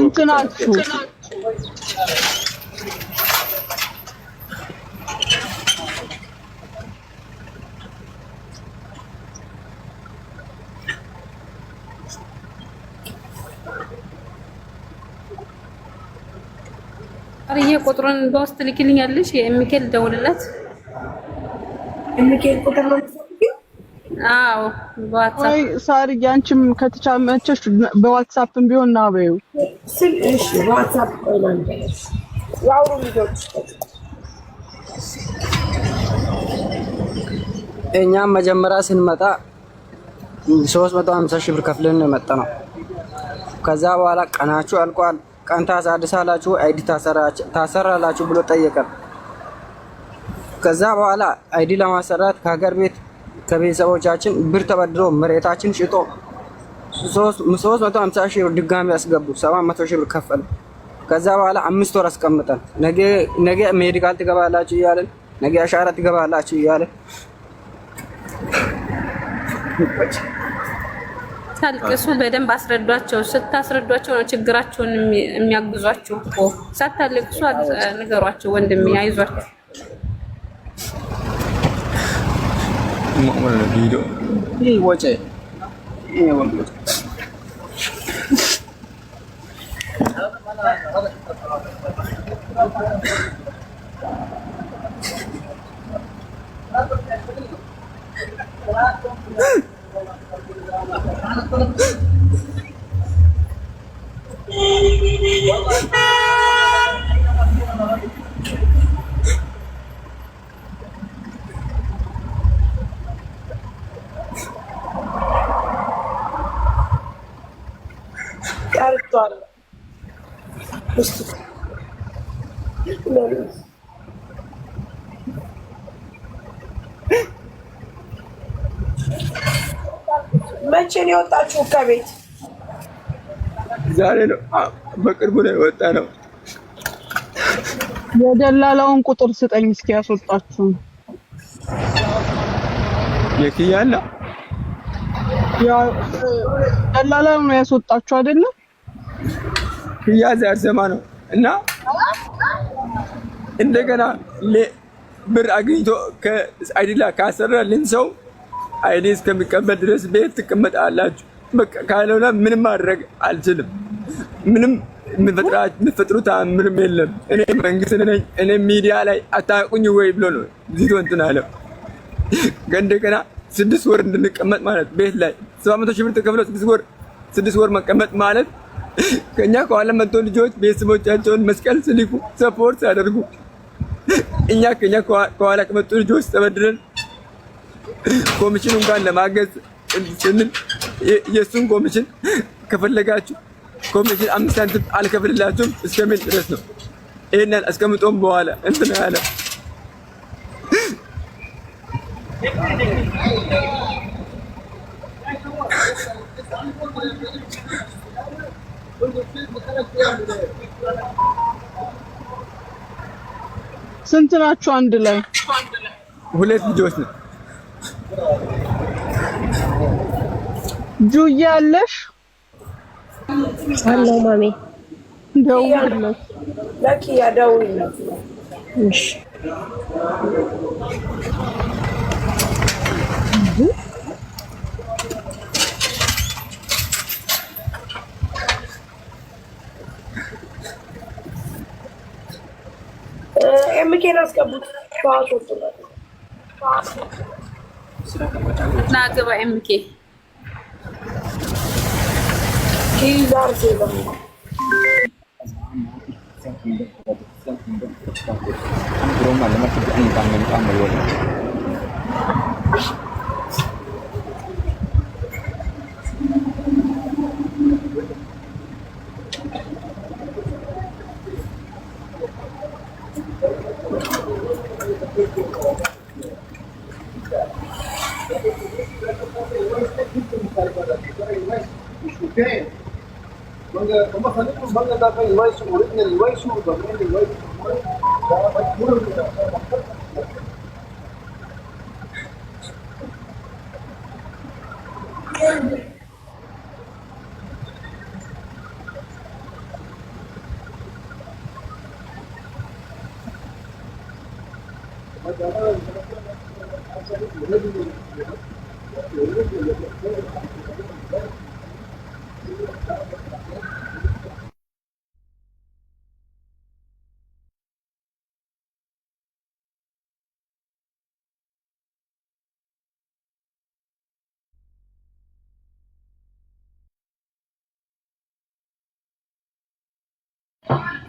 እንትናችሁ አርዬ ቁጥሩን በውስጥ ልክልኛለሽ የሚከል ደውልላት ሳርዬ አንቺም ከተቻመቸሽ በዋትሳፕም ቢሆን ና በይው እሺ፣ ዋትሳፕ ያውሩ ልጆች እኛም መጀመሪያ ስንመጣ ሶስት መቶ ሀምሳ ሺህ ብር ከፍለን የመጣ ነው። ከዛ በኋላ ቀናችሁ አልቋል፣ ቀን ታሳድሳላችሁ አይዲ ታሰራላችሁ ብሎ ጠየቀን። ከዛ በኋላ አይዲ ለማሰራት ከሀገር ቤት ከቤተሰቦቻችን ብር ተበድሮ መሬታችን ሽጦ 350 ሺህ ብር ድጋሚ ያስገቡ 700 ሺህ ብር ከፈል። ከዛ በኋላ አምስት ወር አስቀምጠን ነገ ሜዲካል ትገባላችሁ እያለን ነገ አሻራ ትገባላችሁ እያለን ሳልቅሱ በደንብ አስረዷቸው። ስታስረዷቸው ነው ችግራቸውን የሚያግዟቸው እኮ። ሳታልቅሱ ንገሯቸው። ወንድሜ አይዟችሁ። உங்களை வீடு நீ ஓச்சே நீ வந்து Thank you. መቼ ነው የወጣችሁ ከቤት? ዛሬ ነው በቅርቡ ነው የወጣ ነው። የደላላውን ቁጥር ስጠኝ እስኪ ያስወጣችሁ። የክያላ ያ ደላላው ነው ያስወጣችሁ አይደለም? ያዝ ያርሰማ ነው እና እንደገና ብር አግኝቶ አይዲላ ካሰራልን ሰው አይዲ እስከሚቀበል ድረስ ቤት ትቀመጣላችሁ። በቃ ካለውና ምንም ማድረግ አልችልም። ምንም የምፈጥሩ ተአምርም የለም። እኔ መንግስት ነኝ፣ እኔ ሚዲያ ላይ አታቁኝ ወይ ብሎ ነው ዚቶ እንትን አለ። እንደገና ስድስት ወር እንድንቀመጥ ማለት ቤት ላይ ሰባ መቶ ሺህ ብር ተከፍለው ስድስት ወር ስድስት ወር መቀመጥ ማለት ከእኛ ከኋላ መጥቶ ልጆች ቤተሰቦቻቸውን መስቀል ስሊኩ ሰፖርት ያደርጉ እኛ ከኛ ከኋላ ከመጡ ልጆች ተበድረን ኮሚሽኑ እንኳን ለማገዝ ስንል የእሱን ኮሚሽን ከፈለጋችሁ ኮሚሽን አምስት ሳንቲም አልከፍልላችሁም እስከሚል ድረስ ነው። ይህንን አስቀምጦም በኋላ እንትን ያለ ስንት ናችሁ? አንድ ላይ ሁለት ልጆች ነው። ጁዬ አለሽ? አሎ ማሜ፣ ደውልለት ለኪያ፣ ደውልለት እሺ ብሩኬን አስገቡት። ና ግባ ኤምኬ ዛር Okay. मग मग सांगितलं बघ आता काही हिवाळी सुरू होईल नाही हिवाळी सुरू बघ म्हणजे हिवाळी Thank you.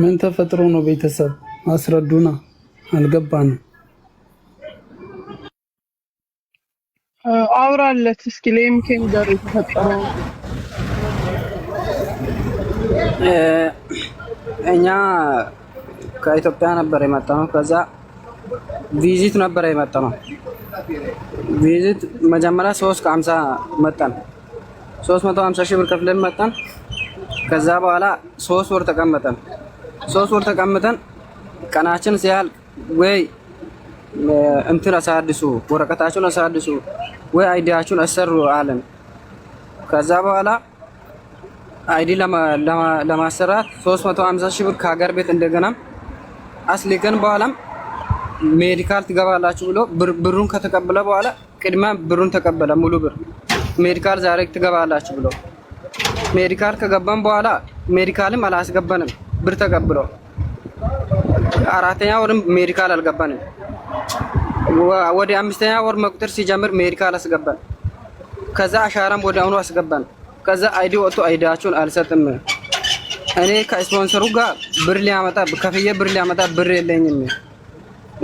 ምን ተፈጥሮ ነው? ቤተሰብ አስረዱና፣ አልገባንም። አውራለት እስኪ ሌምኬም ጋር የተፈጠረው እኛ ከኢትዮጵያ ነበር የመጣ ነው። ከዛ ቪዚት ነበር የመጣ ነው። ቪዚት መጀመሪያ ሶስት ከሀምሳ መጣን። ሶስት መቶ ሀምሳ ሺህ ብር ከፍለን መጣን። ከዛ በኋላ ሶስት ወር ተቀመጠን። ሶስት ወር ተቀምጠን ቀናችን ሲያልቅ ወይ እንትን አሳድሱ፣ ወረቀታችሁን አሳድሱ ወይ አይዲያችሁን አሰሩ አለን። ከዛ በኋላ አይዲ ለማሰራት 350 ሺህ ብር ከሀገር ቤት እንደገናም አስልከን በኋላም ሜዲካል ትገባላችሁ ብሎ ብሩን ከተቀበለ በኋላ ቅድሚያ ብሩን ተቀበለ ሙሉ ብር ሜዲካል ዛሬ ትገባላችሁ ብሎ ሜዲካል ከገባን በኋላ ሜዲካልም አላስገባንም ብር ተቀብሎ አራተኛ ወርም ሜዲካል አልገባንም። ወደ አምስተኛ ወር መቁጠር ሲጀምር ሜዲካል አስገባን። ከዛ አሻራም ወደ አሁኑ አስገባን። ከዛ አይዲ ወጥቶ አይዲያቸውን አልሰጥም እኔ ከስፖንሰሩ ጋር ብር ሊያመጣ ከፍዬ ብር ሊያመጣ ብር የለኝም።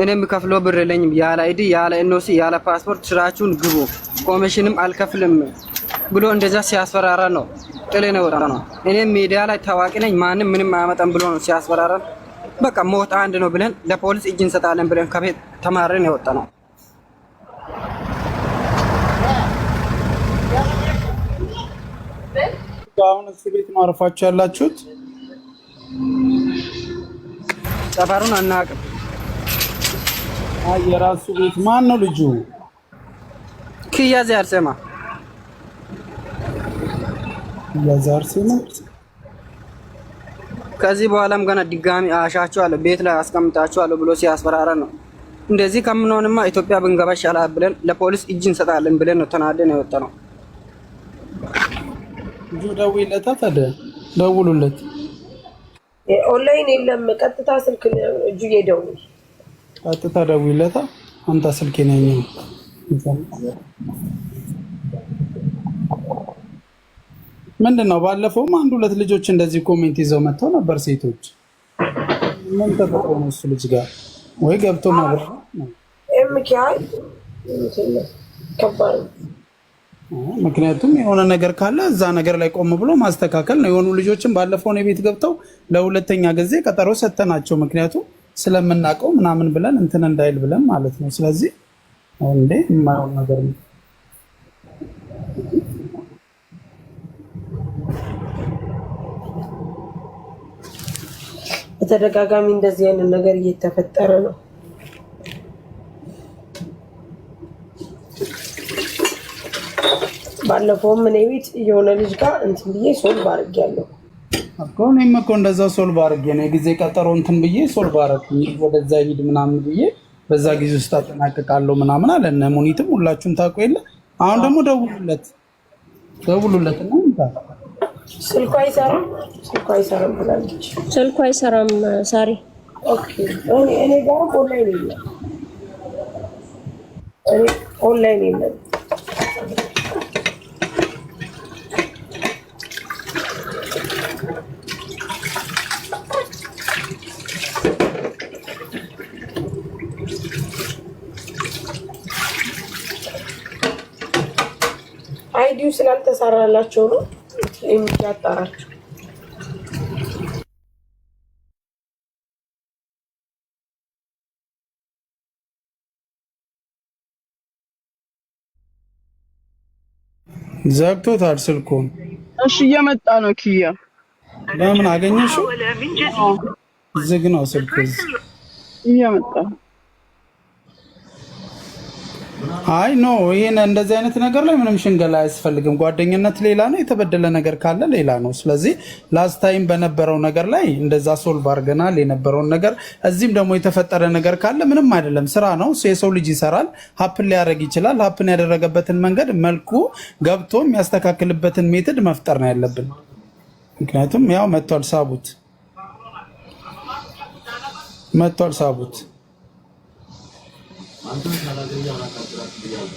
እኔም ከፍሎ ብር የለኝም። ያለ አይዲ ያለ ኤንኦሲ ያለ ፓስፖርት ስራችሁን ግቡ፣ ኮሚሽንም አልከፍልም ብሎ እንደዛ ሲያስፈራራ ነው ጥሌ ነው ወራ ነው። እኔ ሚዲያ ላይ ታዋቂ ነኝ፣ ማንም ምንም አያመጣም ብሎ ነው ሲያስፈራራ በቃ ሞት አንድ ነው ብለን ለፖሊስ እጅ እንሰጣለን ብለን ከቤት ተማረን የወጣ ነው። አሁን እዚህ ቤት ነው አርፋችሁ ያላችሁት? ሰፈሩን አናውቅም። አይ የራሱ ቤት ማን ነው ልጁ? ክያዝ አርሴማ። ክያዝ አርሴማ። ከዚህ በኋላም ገና ድጋሚ አሻችኋለሁ፣ ቤት ላይ አስቀምጣችኋለሁ ብሎ ሲያስፈራራ ነው። እንደዚህ ከምንሆንማ ኢትዮጵያ ብንገባ ይሻላል ብለን ለፖሊስ እጅ እንሰጣለን ብለን ነው ተናደን የወጣ ነው። ብዙ ደውይለታ ታዲያ ደውሉለት። ኦንላይን የለም፣ ቀጥታ ስልክ እጁ ደውል፣ ቀጥታ ደውይለታ። አንተ ስልክ ነኝ ምንድን ነው ባለፈውም አንድ ሁለት ልጆች እንደዚህ ኮሜንት ይዘው መጥተው ነበር ሴቶች። ምን ተፈጥሮ ነው እሱ ልጅ ጋር ወይ ገብቶ ማብራት ነው። ምክንያቱም የሆነ ነገር ካለ እዛ ነገር ላይ ቆም ብሎ ማስተካከል ነው። የሆኑ ልጆችን ባለፈው ነው ቤት ገብተው ለሁለተኛ ጊዜ ቀጠሮ ሰጠናቸው። ምክንያቱም ስለምናውቀው ምናምን ብለን እንትን እንዳይል ብለን ማለት ነው። ስለዚህ እንዴ የማይሆን ነገር ነው። በተደጋጋሚ እንደዚህ አይነት ነገር እየተፈጠረ ነው። ባለፈውም እኔ ቤት የሆነ ልጅ ጋር እንትን ብዬ ሶልቭ አድርጌያለሁ እኮ እኔም እኮ እንደዛ ሶልቭ አድርጌ ነው የጊዜ ቀጠሮ እንትን ብዬ ሶልቭ አደረኩኝ። ወደዛ ሂድ ምናምን ብዬ በዛ ጊዜ ውስጥ አጠናቅቃለሁ ምናምን አለ። እነ ሙኒትም ሁላችሁም ታውቁ የለ አሁን ደግሞ ደውሉለት ደውሉለት እና ስልኩ አይሰራም፣ ስልኩ አይሰራም ብላለች። ስልኩ አይሰራም ሳሪ እኔ ጋር ኦንላይን የለም፣ ኦንላይን የለም አይዲው ስላልተሰራላቸው ነው የሚያጣራቸው። ዘግቶታል ስልኩም። እሺ እየመጣ ነው። ኪያ ለምን አገኘሽው? ዝግ ነው ስልክ እዚህ እየመጣ ነው። አይ ኖ ይህን እንደዚህ አይነት ነገር ላይ ምንም ሽንገላ አያስፈልግም። ጓደኝነት ሌላ ነው፣ የተበደለ ነገር ካለ ሌላ ነው። ስለዚህ ላስታይም ታይም በነበረው ነገር ላይ እንደዛ ሶልቭ አድርገናል የነበረውን ነገር። እዚህም ደግሞ የተፈጠረ ነገር ካለ ምንም አይደለም፣ ስራ ነው። የሰው ልጅ ይሰራል፣ ሀፕን ሊያደርግ ይችላል። ሀፕን ያደረገበትን መንገድ መልኩ ገብቶ የሚያስተካክልበትን ሜትድ መፍጠር ነው ያለብን። ምክንያቱም ያው መቷል፣ ሳቡት መቷል፣ ሳቡት አንተን ካላገኘ አላቃጥላት ብያለሁ።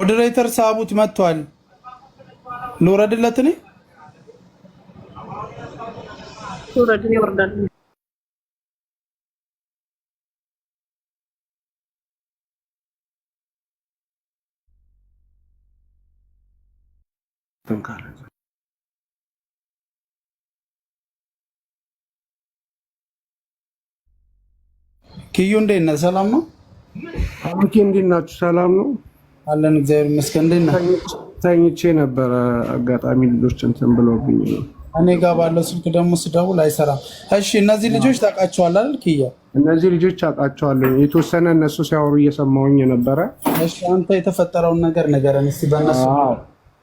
ሞዴሬተር ሳቡት መጥቷል። ልውረድለት እኔ ይወርዳል ኪዩ እንዴት ነህ? ሰላም ነው። አቡኪ እንዴት ናችሁ? ሰላም ነው አለን። እግዚአብሔር ይመስገን። እንዴት ነህ? ተኝቼ ነበረ አጋጣሚ ልጆች እንትን ብለውብኝ ነው። እኔ ጋር ባለው ስልክ ደግሞ ስደውል አይሰራም። እሺ፣ እነዚህ ልጆች ታውቃቸዋለህ አይደል? ኪያ እነዚህ ልጆች አውቃቸዋለሁ። የተወሰነ እነሱ ሲያወሩ እየሰማውኝ ነበረ። እሺ፣ አንተ የተፈጠረውን ነገር ንገረን እስኪ በእነሱ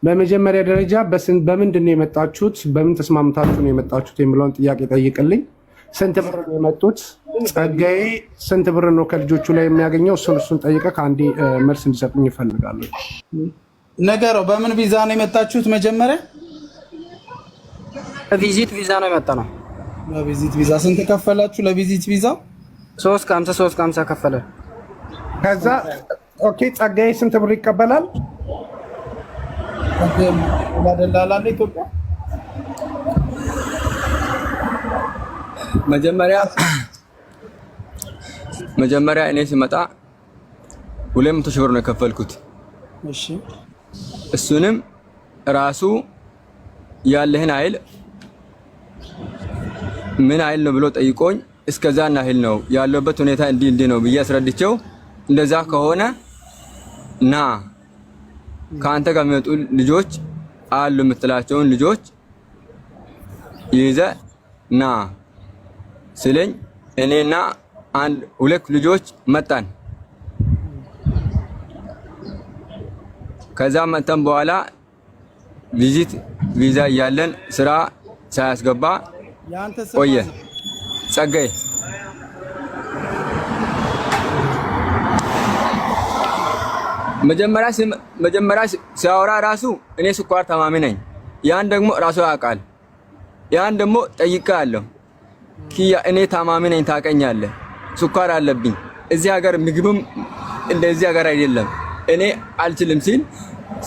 በመጀመሪያ ደረጃ በምንድን ነው የመጣችሁት? በምን ተስማምታችሁ ነው የመጣችሁት የሚለውን ጥያቄ ጠይቅልኝ። ስንት ብር ነው የመጡት? ጸጋዬ ስንት ብር ነው ከልጆቹ ላይ የሚያገኘው? እሱን እሱን ጠይቀ ከአንዴ መልስ እንዲሰጡኝ ይፈልጋሉ። ነገረው። በምን ቪዛ ነው የመጣችሁት? መጀመሪያ ቪዚት ቪዛ ነው የመጣ ነው። በቪዚት ቪዛ ስንት ከፈላችሁ? ለቪዚት ቪዛ ሶስት ከሀምሳ ሶስት ከሀምሳ ከፈለ። ከዛ ኦኬ። ጸጋዬ ስንት ብር ይቀበላል? ደላላ ኢትዮጵያ መጀመሪያ መጀመሪያ እኔ ስመጣ ሁለት መቶ ሺህ ብር ነው የከፈልኩት። እሱንም ራሱ ያለህን አይል ምን አይል ነው ብሎ ጠይቆኝ እና አይል ነው ያለበት ሁኔታ እንዲህ እንዲህ ነው ብዬ አስረድቼው እንደዛ ከሆነ ና ከአንተ ጋር የሚመጡ ልጆች አሉ የምትላቸውን ልጆች ይዘ ና ስለኝ እኔና አንድ ሁለት ልጆች መጣን። ከዛ መጣን በኋላ ቪዚት ቪዛ እያለን ስራ ሳያስገባ ቆየ። ጸጋዬ መጀመሪያ ሲያወራ ራሱ እኔ ስኳር ታማሚ ነኝ፣ ያን ደግሞ ራሱ ያውቃል። ያን ደግሞ ጠይቄ አለው። ኪያ እኔ ታማሚ ነኝ፣ ታውቀኛለህ። ስኳር አለብኝ። እዚህ ሀገር ምግብም እንደዚህ ሀገር አይደለም። እኔ አልችልም ሲል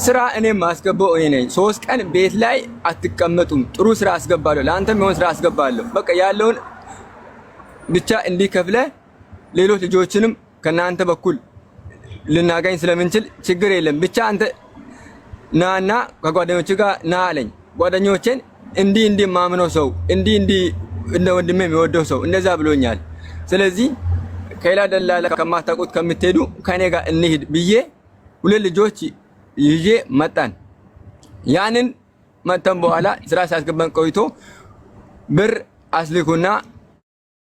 ስራ እኔ ማስገባው እኔ ነኝ። ሶስት ቀን ቤት ላይ አትቀመጡም። ጥሩ ስራ አስገባለሁ፣ ለአንተም የሆን ስራ አስገባለሁ። በቃ ያለውን ብቻ እንዲከፍለ ሌሎች ልጆችንም ከናንተ በኩል ልናገኝ ስለምንችል ችግር የለም። ብቻ አንተ ናና ከጓደኞች ጋር ና አለኝ። ጓደኞቼን እንዲህ እንዲህ ማምነው ሰው እንዲህ እንዲህ እንደ ወንድሜ የሚወደው ሰው እንደዛ ብሎኛል። ስለዚህ ከሌላ ደላላ ከማታውቁት ከምትሄዱ ከኔ ጋር እንሂድ ብዬ ሁለት ልጆች ይዤ መጣን። ያንን መጥተን በኋላ ስራ ሲያስገባን ቆይቶ ብር አስልኩና